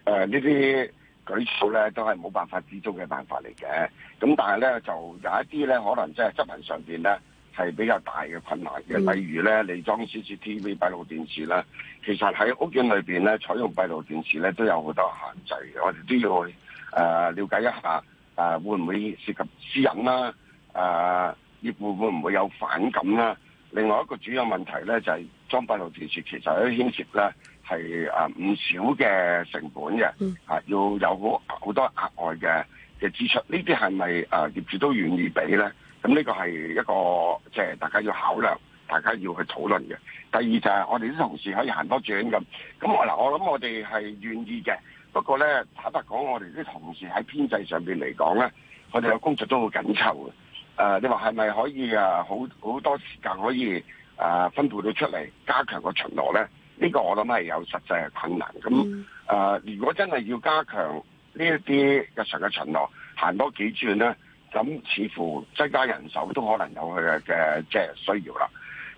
誒呢啲舉措咧都係冇辦法之中嘅辦法嚟嘅，咁但係咧就有一啲咧可能真係執行上邊咧係比較大嘅困難嘅。例如咧、嗯、你裝 CCTV 閉路電視啦，其實喺屋苑裏邊咧採用閉路電視咧都有好多限制嘅，我哋都要去誒、呃、了解一下。啊，會唔會涉及私隱啦、啊？啊，業會會唔會有反感啦、啊？另外一個主要問題咧、就是，就係裝閉路電視其實喺牽涉咧係啊唔少嘅成本嘅，啊要有好好多額外嘅嘅支出，呢啲係咪啊業主都願意俾咧？咁呢個係一個即係、就是、大家要考量，大家要去討論嘅。第二就係、是、我哋啲同事可以行多轉咁，咁我嗱我諗我哋係願意嘅。不過咧，坦白講，我哋啲同事喺編制上邊嚟講咧，佢哋嘅工作都好緊湊嘅。誒、呃，你話係咪可以啊？好好多時間可以誒、啊、分配到出嚟加強個巡邏咧？呢、這個我諗係有實際嘅困難。咁誒、呃，如果真係要加強呢一啲日常嘅巡邏，行多幾轉咧，咁似乎增加人手都可能有佢嘅即係需要啦。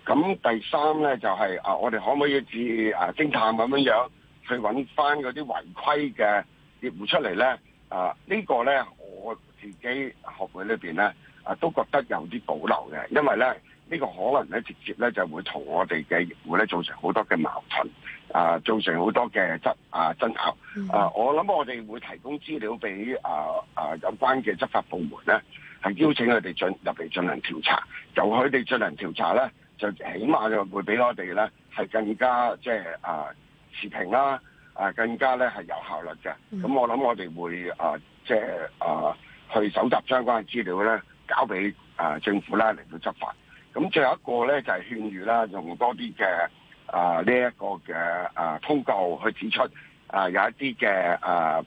咁第三咧就係、是、啊，我哋可唔可以似誒偵探咁樣？去揾翻嗰啲違規嘅業戶出嚟呢。啊呢、呢個呢，我自己學會裏邊呢，啊都覺得有啲保留嘅，因為咧呢、呢個可能咧直接呢就會同我哋嘅業戶呢造成好多嘅矛盾，啊造成好多嘅質啊爭拗。啊，我諗我哋會提供資料俾啊啊有關嘅執法部門呢，係邀請佢哋進入嚟進,進,進行調查。由佢哋進行調查呢，就起碼就會俾我哋呢，係更加即係、即係、啊。持平啦，啊，更加咧係有效率嘅。咁我諗我哋會啊、呃，即係啊、呃，去搜集相關嘅資料咧，交俾啊政府咧嚟到執法。咁最後一個咧，就係、是、勸喻啦，用多啲嘅啊呢一、呃這個嘅啊通告去指出啊、呃、有一啲嘅啊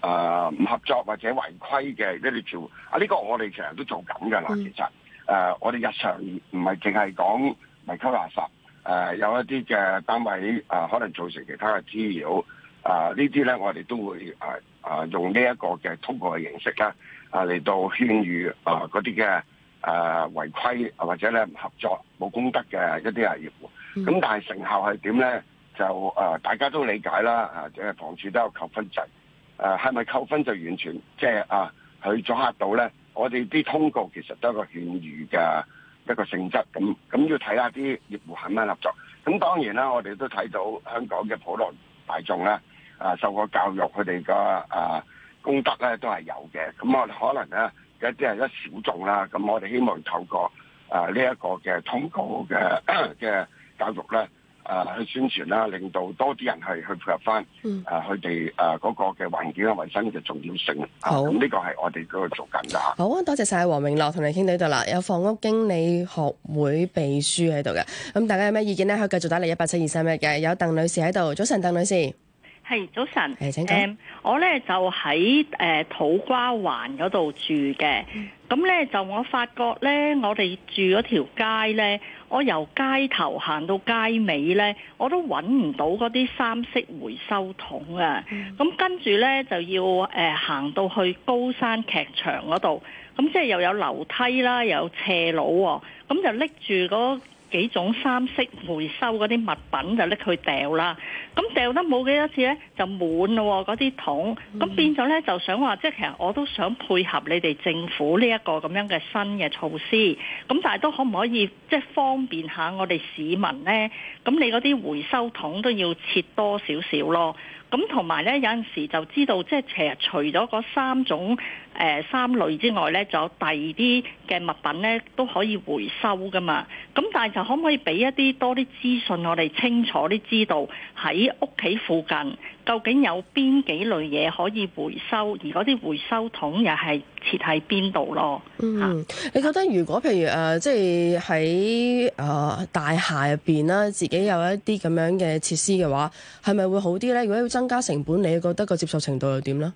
啊唔合作或者違規嘅呢啲啊呢、這個我哋其實都做緊噶啦，的其實誒、呃、我哋日常唔係淨係講埋圾垃圾。誒、呃、有一啲嘅單位誒、呃、可能造成其他嘅滋擾，啊、呃、呢啲咧我哋都會誒誒、呃呃、用呢一個嘅通告嘅形式啦，啊、呃、嚟到勸喻啊嗰啲嘅誒違規或者咧唔合作冇公德嘅一啲行業，咁、呃、但係成效係點咧？就誒、呃、大家都理解啦，啊即係房署都有扣分制，誒係咪扣分就完全即係啊去阻嚇到咧？我哋啲通告其實都係一個勸喻嘅。一個性質咁，咁要睇下啲業戶肯唔肯合作。咁當然啦，我哋都睇到香港嘅普羅大眾啦，啊受過教育，佢哋嘅啊公德咧都係有嘅。咁我哋可能咧有一啲係一小眾啦。咁我哋希望透過啊呢一、這個嘅通告嘅嘅 (coughs) 教育咧。啊，去、呃、宣傳啦，令到多啲人去去配合翻，啊、嗯，佢哋啊嗰個嘅環境啊、衞生嘅重要性。好，呢個係我哋嗰個做緊嘅。好啊，多謝晒王榮樂，同你傾到呢度啦。有房屋經理學會秘書喺度嘅，咁大家有咩意見呢？可以繼續打嚟一八七二三一嘅。有鄧女士喺度，早晨，鄧女士，係早晨，誒、欸，請講。Um, 我咧就喺誒、啊、土瓜環嗰度住嘅，咁咧、嗯、就我發覺咧，我哋住嗰條街咧。我由街頭行到街尾呢，我都揾唔到嗰啲三色回收桶啊！咁、mm hmm. 嗯、跟住呢，就要誒行、呃、到去高山劇場嗰度，咁、嗯、即係又有樓梯啦，又有斜路喎、哦，咁、嗯、就拎住嗰幾種三色回收嗰啲物品就拎去掉啦，咁掉得冇幾多次呢就滿咯，嗰啲桶咁變咗呢就想話，即係其實我都想配合你哋政府呢一個咁樣嘅新嘅措施，咁但係都可唔可以即係方便下我哋市民呢？咁你嗰啲回收桶都要設多少少咯？咁同埋咧，有陣時就知道，即係其實除咗嗰三種誒、呃、三類之外咧，仲有第二啲嘅物品咧都可以回收噶嘛。咁但係就可唔可以俾一啲多啲資訊，我哋清楚啲知道喺屋企附近究竟有邊幾類嘢可以回收，而嗰啲回收桶又係設喺邊度咯？嗯，你覺得如果譬如誒、呃，即係喺誒大廈入邊啦，自己有一啲咁樣嘅設施嘅話，係咪會好啲呢？如果要增加成本，你覺得個接受程度又點呢？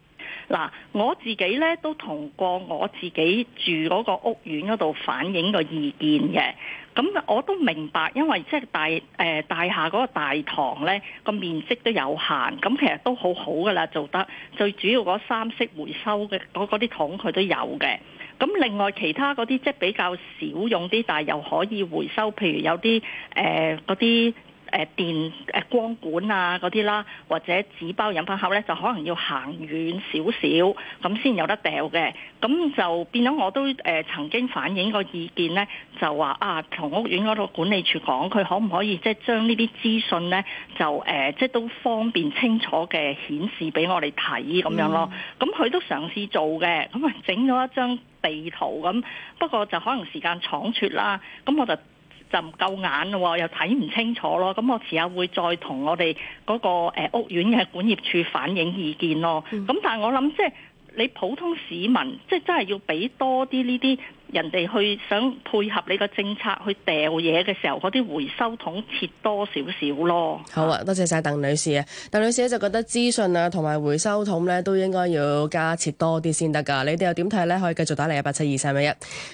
嗱，我自己呢都同過我自己住嗰個屋苑嗰度反映個意見嘅。咁、嗯、我都明白，因為即係大誒、呃、大廈嗰個大堂咧，個面積都有限，咁、嗯、其實都好好噶啦做得。最主要嗰三色回收嘅嗰嗰啲桶佢都有嘅。咁、嗯、另外其他嗰啲即係比較少用啲，但係又可以回收，譬如有啲誒嗰啲。呃誒、呃、電誒、呃、光管啊嗰啲啦，或者紙包飲品盒咧，就可能要行遠少少，咁先有得掉嘅。咁就變咗我都誒、呃、曾經反映個意見咧，就話啊，同屋苑嗰度管理處講，佢可唔可以即係將呢啲資訊咧，就誒、呃、即係都方便清楚嘅顯示俾我哋睇咁樣咯。咁佢、嗯、都嘗試做嘅，咁啊整咗一張地圖咁，不過就可能時間倉促啦，咁我就。就唔夠眼咯，又睇唔清楚咯，咁、嗯嗯、我遲下會再同我哋嗰個誒屋苑嘅管業處反映意見咯。咁但係我諗，即係你普通市民，即係真係要俾多啲呢啲。人哋去想配合你個政策去掉嘢嘅時候，嗰啲回收桶設多少少咯。好啊，多謝晒鄧女士啊。鄧女士就覺得資訊啊同埋回收桶呢，都應該要加設多啲先得㗎。你哋又點睇呢？可以繼續打嚟一八七二三一一。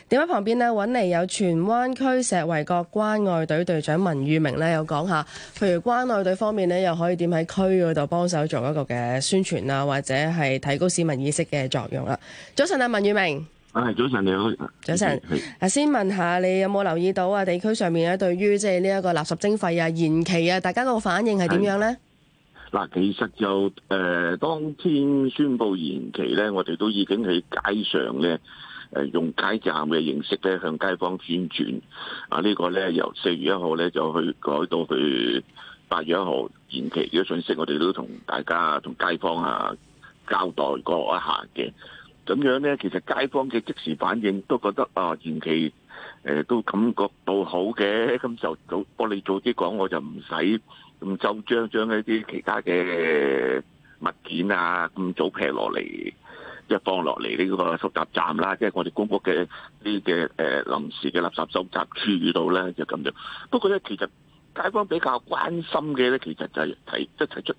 點解旁邊呢，揾嚟有荃灣區石圍角關愛隊隊長文裕明呢，有講下，譬如關愛隊方面呢，又可以點喺區嗰度幫手做一個嘅宣傳啊，或者係提高市民意識嘅作用啦、啊。早晨啊，文裕明。係，早晨，你好。早晨，係。嗱，先問下你有冇留意到啊？地區上面咧，對於即係呢一個垃圾徵費啊，延期啊，大家嗰個反應係點樣呢？嗱，其實就誒、呃、當天宣布延期咧，我哋都已經喺街上咧，誒用街站嘅形式咧向街坊宣傳。啊，這個、呢個咧由四月一號咧就去改到去八月一號延期。呢、這個信息我哋都同大家、同街坊啊交代過一下嘅。咁樣咧，其實街坊嘅即時反應都覺得啊，延期誒都感覺到好嘅，咁就早幫你早啲講，我就唔使咁就將將一啲其他嘅物件啊，咁早劈落嚟，即係放落嚟呢個收集站啦，即係我哋公屋嘅啲嘅誒臨時嘅垃圾收集處度咧，就咁樣。不過咧，其實街坊比較關心嘅咧，其實就係提即係提出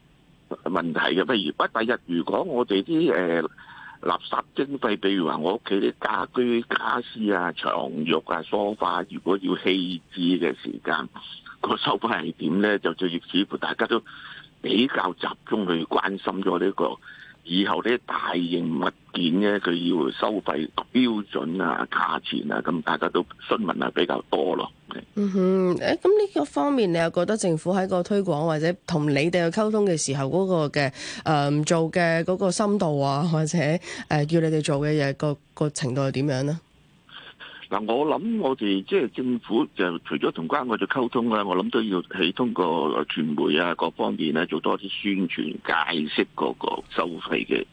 問題嘅，譬如不第日如果我哋啲誒。垃圾徵費，比如話我屋企啲家居家私、啊、牀褥啊、梳化，如果要棄置嘅時間，個收費係點咧？就最業主負，大家都比較集中去關心咗呢、呢個。以後啲大型物件咧，佢要收費標準啊、價錢啊，咁大家都詢問啊比較多咯。嗯哼，誒咁呢個方面，你又覺得政府喺個推廣或者同你哋去溝通嘅時候嗰個嘅誒、呃、做嘅嗰個深度啊，或者誒叫你哋做嘅嘢個個程度係點樣呢？嗱，我諗我哋即係政府就除咗同關外做溝通啦、啊，我諗都要係通過傳媒啊，各方面咧、啊、做多啲宣傳解釋嗰個收費嘅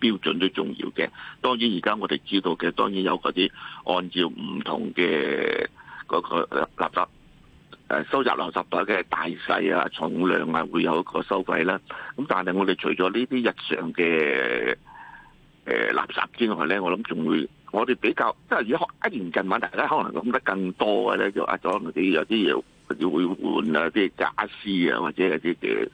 標準都重要嘅。當然而家我哋知道嘅，當然有嗰啲按照唔同嘅嗰個垃圾誒收集垃圾袋嘅大細啊、重量啊，會有一個收費啦。咁但係我哋除咗呢啲日常嘅誒垃圾之外咧，我諗仲會。我哋比較即係而家一年近晚，大家可能諗得更多嘅咧，就啊，可能啲有啲嘢會換啊，啲傢俬啊，或者有啲嘅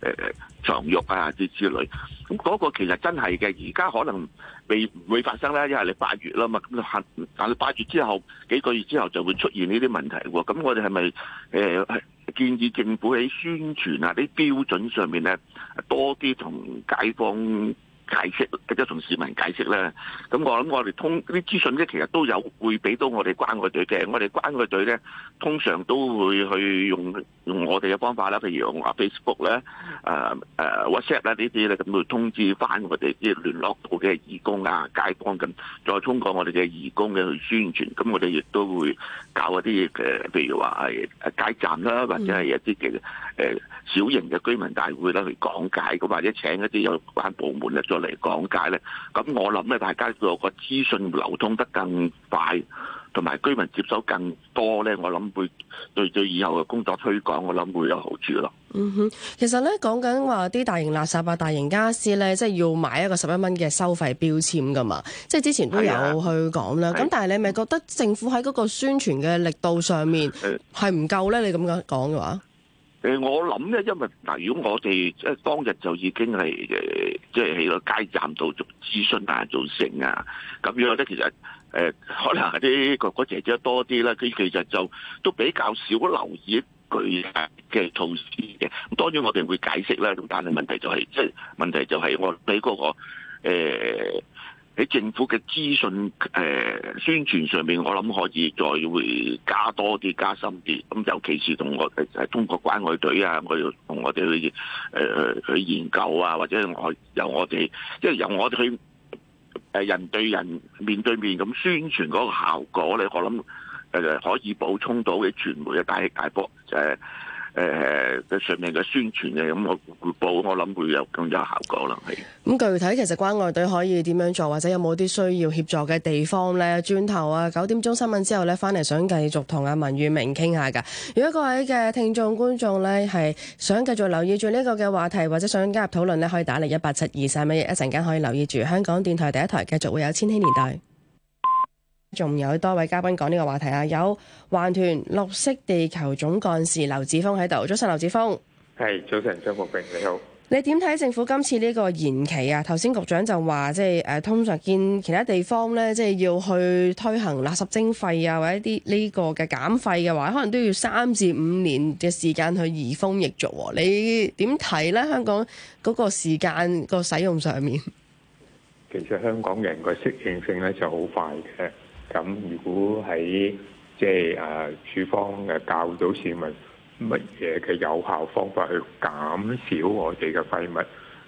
誒床褥啊啲之類。咁、那、嗰個其實真係嘅，而家可能未會發生啦，因為你八月啦嘛，咁但係八月之後幾個月之後就會出現呢啲問題喎。咁我哋係咪誒建議政府喺宣傳啊啲標準上面咧多啲同街坊解釋亦都同市民解釋啦。咁我諗我哋通啲資訊咧，其實都有會俾到我哋關愛隊嘅。我哋關愛隊咧，通常都會去用用我哋嘅方法啦，譬如用啊 Facebook 咧，誒誒 WhatsApp 啦呢啲咧，咁去通知翻我哋即聯絡到嘅義工啊、街坊咁，再通過我哋嘅義工嘅去宣傳。咁我哋亦都會搞一啲嘅，譬如話係街站啦，或者係一啲嘅誒小型嘅居民大會啦，去講解，咁，或者請一啲有關部門咧嚟講解咧，咁我諗咧，大家個資訊流通得更快，同埋居民接收更多咧，我諗會對對以後嘅工作推廣，我諗會有好處咯。嗯哼，其實咧講緊話啲大型垃圾啊、大型家私咧，即係要買一個十一蚊嘅收費標籤噶嘛，即係之前都有去講啦。咁、啊、但係你咪覺得政府喺嗰個宣傳嘅力度上面係唔夠咧？你咁樣講嘅話？誒我諗咧，因為嗱，如果我哋即係當日就已經係誒，即係喺個街站度做諮詢啊、做成啊咁樣咧，其實誒可能係啲哥哥姐姐多啲啦，佢其實就都比較少留意佢嘅措施嘅。當然我哋會解釋啦，但係問題就係，即係問題就係我俾嗰個、欸喺政府嘅資訊誒宣傳上面，我諗可以再會加多啲、加深啲。咁尤其是同我誒中國關愛隊啊，我要同我哋去誒去、呃、去研究啊，或者我、即係、由我哋即係由我哋去誒人對人面對面咁宣傳嗰個效果咧，我諗誒可以補充到嘅傳媒嘅大大波就係、係。誒誒、呃，上面嘅宣傳嘅咁個彙報，我諗會有更有效果能係咁具體，其實關愛隊可以點樣做，或者有冇啲需要協助嘅地方咧？轉頭啊，九點鐘新聞之後咧，翻嚟想繼續同阿文裕明傾下嘅。如果各位嘅聽眾觀眾咧係想繼續留意住呢個嘅話題，或者想加入討論咧，可以打嚟一八七二三一。一陣間可以留意住香港電台第一台，繼續會有千禧年代。仲有多位嘉賓講呢個話題啊，有環團綠惜地球總幹事劉祉鋒喺度。早晨，劉祉鋒。係、hey, 早晨，張國平，你好。你點睇政府今次呢個延期啊？頭先局長就話，即係誒、啊，通常見其他地方呢，即係要去推行垃圾徵費啊，或者啲呢個嘅減費嘅話，可能都要三至五年嘅時間去移風易俗。你點睇呢？香港嗰個時間個使用上面？其實香港人個適應性咧就好快嘅。咁如果喺即係誒、啊、處方誒教到市民乜嘢嘅有效方法去減少我哋嘅廢物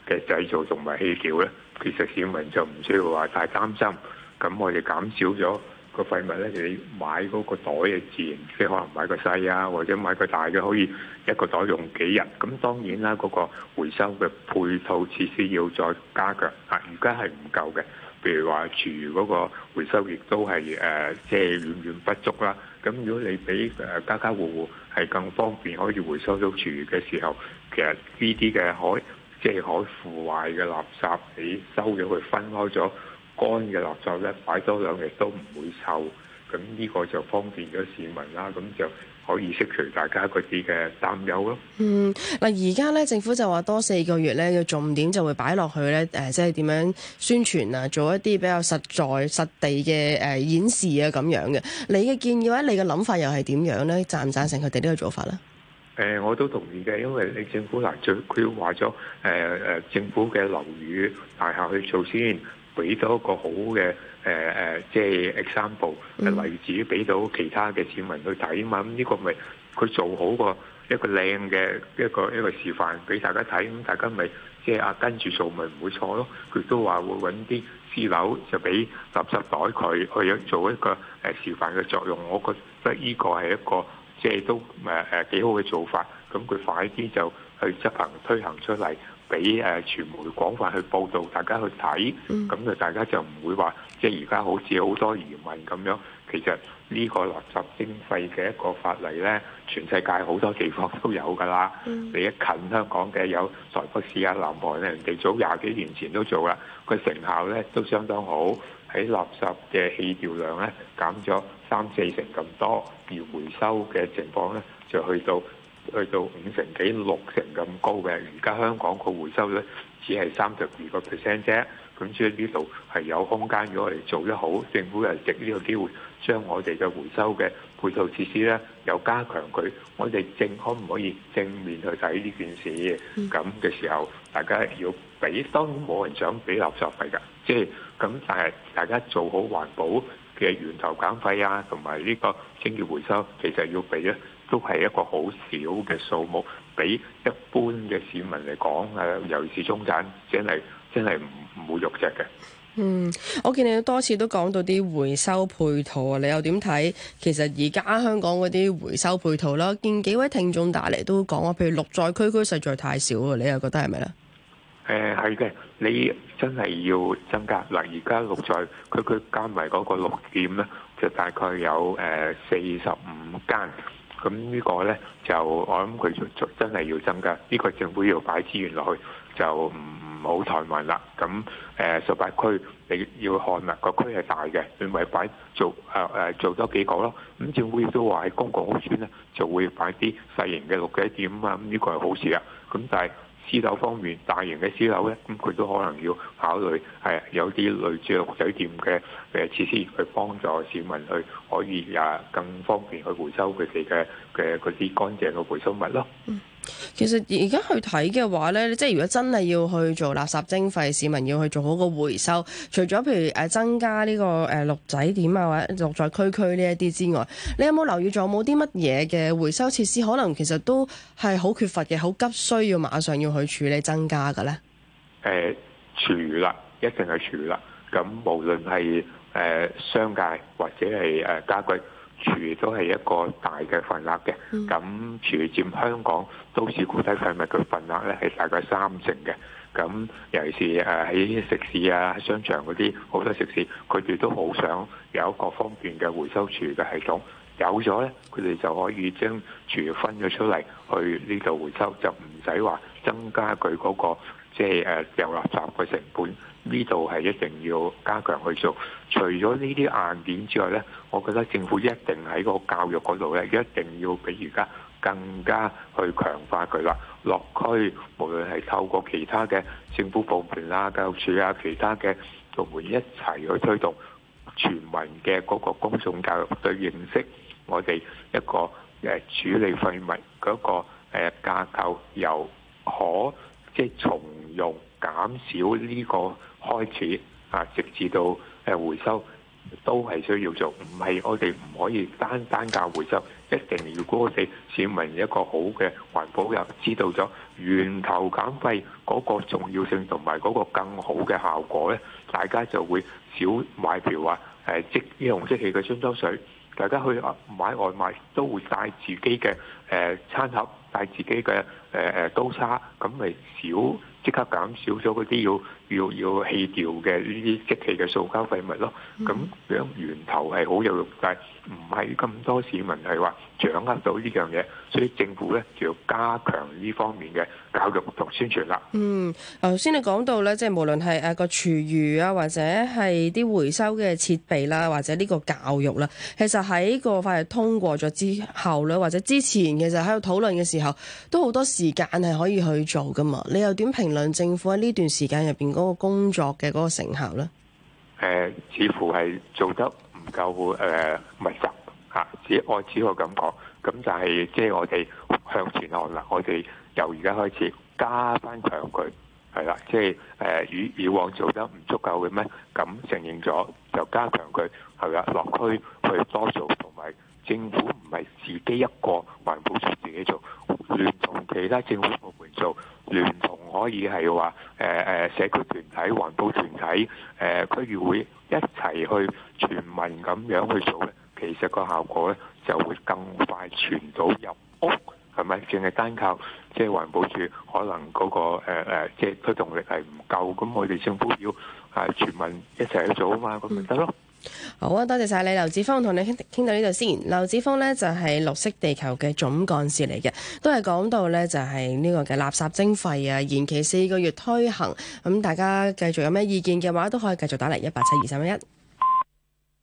嘅製造同埋棄掉呢？其實市民就唔需要話太擔心。咁我哋減少咗個廢物呢，你買嗰個袋嘅自然，即係可能買個細啊，或者買個大嘅可以一個袋用幾日。咁當然啦，嗰、嗰個回收嘅配套設施要再加強嚇，而家係唔夠嘅。譬如話廚餘嗰個回收亦都係誒，即、呃、係遠遠不足啦。咁如果你俾誒、呃、家家戶戶係更方便可以回收到廚餘嘅時候，其實呢啲嘅可即係可腐壞嘅垃圾，你收咗佢分開咗乾嘅垃圾咧，擺多兩日都唔會臭。咁呢個就方便咗市民啦。咁就。可以釋除大家嗰啲嘅擔憂咯。嗯，嗱而家咧政府就話多四個月咧，嘅重點就會擺落去咧，誒、呃、即係點樣宣傳啊，做一啲比較實在、實地嘅誒、呃、演示啊咁樣嘅。你嘅建議或者你嘅諗法又係點樣咧？贊唔贊成佢哋呢個做法咧？誒、呃，我都同意嘅，因為你政府嚟做，佢話咗誒誒政府嘅樓宇大廈去做先，俾咗一個好嘅。誒誒，即係 example，例如自己，俾到其他嘅市民去睇嘛。咁、這、呢個咪佢做好個一個靚嘅一個一個示範俾大家睇。咁、嗯、大家咪即係啊跟住做，咪唔會錯咯。佢都話會揾啲私樓就俾垃圾袋佢，去做一個誒示範嘅作用。我覺得呢個係一個即係都誒誒幾好嘅做法。咁佢快啲就去執行推行出嚟，俾誒傳媒廣泛去報導，大家去睇。咁就大家就唔會話。即係而家好似好多移民咁樣，其實呢個垃圾徵費嘅一個法例呢，全世界好多地方都有㗎啦。嗯、你一近香港嘅有台北市啊、南韓咧，人哋早廿幾年前都做啦，個成效呢都相當好，喺垃圾嘅棄掉量呢減咗三四成咁多，而回收嘅情況呢就去到去到五成幾六成咁高嘅。而家香港個回收率呢只係三十二個 percent 啫。咁所以呢度係有空間，如果我哋做得好，政府又藉呢個機會將我哋嘅回收嘅配套設施呢，又加強佢，我哋正可唔可以正面去睇呢件事？咁嘅時候，大家要俾，當然冇人想俾垃圾費㗎，即係咁，但係大家做好環保嘅源頭減廢啊，同埋呢個資源回收，其實要俾咧都係一個好少嘅數目，比一般嘅市民嚟講啊，尤其是中產真係。就是真係唔唔會郁隻嘅。嗯，我見你多次都講到啲回收配套啊，你又點睇？其實而家香港嗰啲回收配套啦，見幾位聽眾打嚟都講啊，譬如綠在區區實在太少啊，你又覺得係咪咧？誒、呃，係嘅，你真係要增加嗱。而家綠在區區加埋嗰個六點咧，就大概有誒四十五間。咁呢個咧就我諗佢真真係要增加，呢、這個政府要擺資源落去。就唔好怠慢啦，咁誒十八區你要看啦，個區係大嘅，你咪會做誒誒、呃、做多幾個咯？咁、嗯、政府亦都話喺公共屋邨咧就會擺啲細型嘅六仔店啊，咁、嗯、呢、這個係好事啊。咁但係私樓方面，大型嘅私樓咧，咁、嗯、佢都可能要考慮係有啲類似六仔店嘅誒設施去幫助市民去可以啊更方便去回收佢哋嘅嘅嗰啲乾淨嘅回收物咯。嗯。其實而家去睇嘅話呢，即係如果真係要去做垃圾徵費，市民要去做好個回收，除咗譬如誒增加呢個誒綠仔點啊或者綠在區區呢一啲之外，你有冇留意仲有冇啲乜嘢嘅回收設施？可能其實都係好缺乏嘅，好急需要馬上要去處理增加嘅呢？誒、呃，廚啦，一定係廚啦。咁無論係誒商界或者係誒家居廚都係一個大嘅份額嘅。咁廚佔香港。都市固體廢物嘅份額咧係大概三成嘅，咁尤其是誒喺食肆啊、商場嗰啲好多食肆，佢哋都好想有一個方便嘅回收處嘅系統，有咗咧，佢哋就可以將廚餘分咗出嚟去呢度回收，就唔使話增加佢嗰、那個即係誒掉垃圾嘅成本。呢度係一定要加強去做。除咗呢啲硬件之外咧，我覺得政府一定喺個教育嗰度咧，一定要俾而家。更加去強化佢啦，落區無論係透過其他嘅政府部門啦、啊、教育處啊、其他嘅部門一齊去推動全民嘅嗰個公眾教育對認識，我哋一個誒處理廢物嗰個架構，由可即係、就是、從容減少呢個開始啊，直至到誒回收都係需要做，唔係我哋唔可以單單靠回收。一定要，如果我哋市民一個好嘅環保又知道咗源頭減廢嗰個重要性同埋嗰個更好嘅效果咧，大家就會少買，譬如話誒即用即棄嘅樽裝水，大家去買外賣都會帶自己嘅誒、呃、餐盒，帶自己嘅誒、呃、刀叉，咁咪少即刻減少咗嗰啲要要要棄掉嘅呢啲即棄嘅塑膠廢物咯。咁樣源頭係好有用嘅。唔係咁多市民係話掌握到呢樣嘢，所以政府咧就要加強呢方面嘅教育同宣傳啦。嗯，頭先你講到咧，即係無論係誒個廚餘啊，或者係啲回收嘅設備啦，或者呢個教育啦，其實喺個法例通過咗之後咧，或者之前其實喺度討論嘅時候，都好多時間係可以去做㗎嘛。你又點評論政府喺呢段時間入邊嗰個工作嘅嗰個成效咧？誒、呃，似乎係做得夠誒密集嚇，只，呃啊、我只可咁講，咁就係即係我哋向前看啦。我哋由而家開始加翻強佢，係啦，即係誒與以往做得唔足夠嘅咩，咁承認咗就加強佢，係啦，落區去多做。政府唔係自己一個環保署自己做，聯同其他政府部門做，聯同可以係話誒誒社區團體、環保團體、誒、呃、區議會一齊去全民咁樣去做咧，其實個效果咧就會更快傳到入屋，係咪？淨係單靠即係環保署可能嗰、嗰個誒即係推動力係唔夠，咁我哋政府要係全民一齊去做啊嘛，咁咪得咯。好啊，多謝晒你，劉祉鋒同你傾傾到呢度先。劉祉鋒呢，就係、是、綠惜地球嘅總幹事嚟嘅，都係講到呢，就係、是、呢個嘅垃圾徵費啊，延期四個月推行。咁大家繼續有咩意見嘅話，都可以繼續打嚟一八七二三一。